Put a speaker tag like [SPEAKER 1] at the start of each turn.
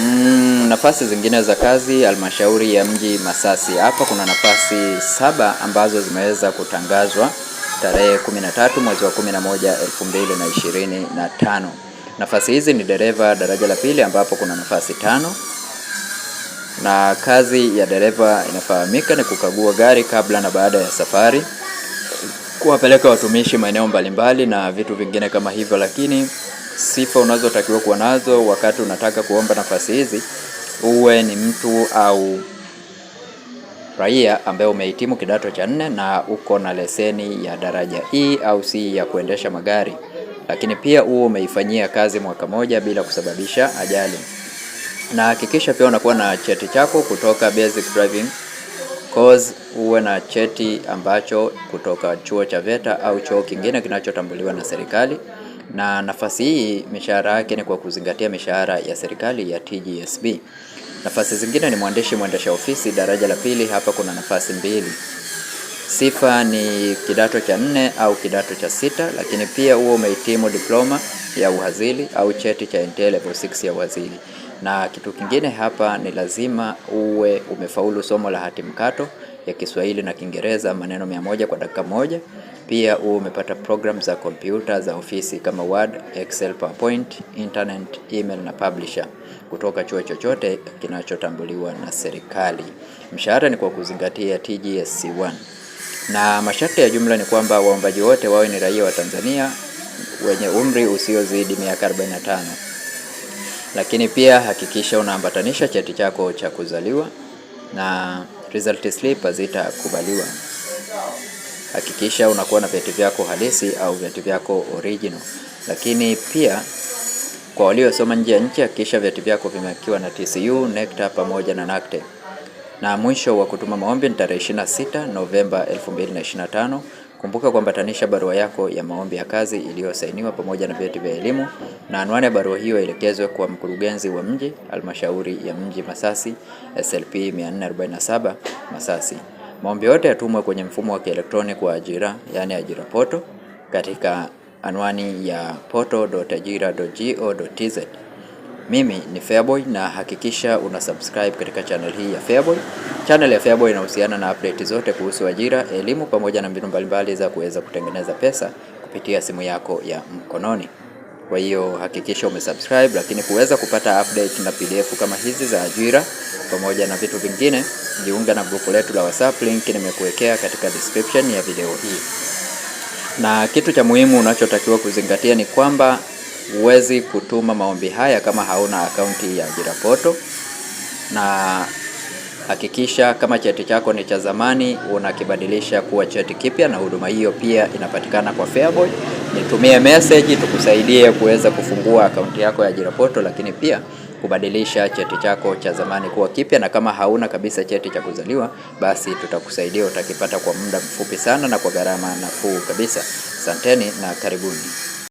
[SPEAKER 1] Mm, nafasi zingine za kazi halmashauri ya mji Masasi. Hapa kuna nafasi saba ambazo zimeweza kutangazwa tarehe 13 mwezi wa 11 2025. Nafasi hizi ni dereva daraja la pili ambapo kuna nafasi tano na kazi ya dereva inafahamika ni kukagua gari kabla na baada ya safari, kuwapeleka watumishi maeneo mbalimbali na vitu vingine kama hivyo, lakini sifa unazotakiwa kuwa nazo wakati unataka kuomba nafasi hizi, uwe ni mtu au raia ambaye umehitimu kidato cha nne na uko na leseni ya daraja E au C ya kuendesha magari, lakini pia uwe umeifanyia kazi mwaka moja bila kusababisha ajali, na hakikisha pia unakuwa na cheti chako kutoka basic driving course, uwe na cheti ambacho kutoka chuo cha VETA au chuo kingine kinachotambuliwa na serikali na nafasi hii mishahara yake ni kwa kuzingatia mishahara ya serikali ya TGSB. Nafasi zingine ni mwandishi mwendesha ofisi daraja la pili, hapa kuna nafasi mbili. Sifa ni kidato cha nne au kidato cha sita, lakini pia huo umehitimu diploma ya uhazili au cheti cha NTA level 6 ya uhazili. Na kitu kingine hapa ni lazima uwe umefaulu somo la hati mkato ya Kiswahili na Kiingereza maneno mia moja kwa dakika moja. Pia huo umepata program za kompyuta za ofisi kama Word, Excel, PowerPoint, internet, email na publisher kutoka chuo chochote kinachotambuliwa na serikali. Mshahara ni kwa kuzingatia TGSC1 na masharti ya jumla ni kwamba waombaji wote wawe ni raia wa Tanzania wenye umri usiozidi miaka 45, lakini pia hakikisha unaambatanisha cheti chako cha kuzaliwa na result slip hazitakubaliwa hakikisha unakuwa na vyeti vyako halisi au vyeti vyako original. Lakini pia kwa waliosoma nje ya nchi, hakikisha vyeti vyako vimekiwa na TCU, NECTA pamoja na NACTE. Na mwisho wa kutuma maombi ni tarehe 26 Novemba 2025. Kumbuka kuambatanisha barua yako ya maombi ya kazi iliyosainiwa pamoja na vyeti vya elimu, na anwani ya barua hiyo elekezwe kwa mkurugenzi wa mji, halmashauri ya mji Masasi, SLP 447 Masasi. Maombi yote yatumwe kwenye mfumo wa kielektroniki wa ajira, yaani ajira poto, katika anwani ya poto.ajira.go.tz. Mimi ni fairboy na hakikisha una subscribe katika channel hii ya fairboy Channel ya fairboy inahusiana na update zote kuhusu ajira, elimu pamoja na mbinu mbalimbali za kuweza kutengeneza pesa kupitia simu yako ya mkononi. Kwa hiyo hakikisha umesubscribe, lakini kuweza kupata update na PDF kama hizi za ajira pamoja na vitu vingine, jiunga na grupu letu la WhatsApp, link nimekuwekea katika description ya video hii. Na kitu cha muhimu unachotakiwa kuzingatia ni kwamba huwezi kutuma maombi haya kama hauna akaunti ya ajira poto na Hakikisha kama cheti chako ni cha zamani unakibadilisha kuwa cheti kipya, na huduma hiyo pia inapatikana kwa Fairboy. Nitumie message tukusaidie kuweza kufungua akaunti yako ya ajira portal, lakini pia kubadilisha cheti chako cha zamani kuwa kipya. Na kama hauna kabisa cheti cha kuzaliwa, basi tutakusaidia, utakipata kwa muda mfupi sana na kwa gharama nafuu kabisa. santeni na karibuni.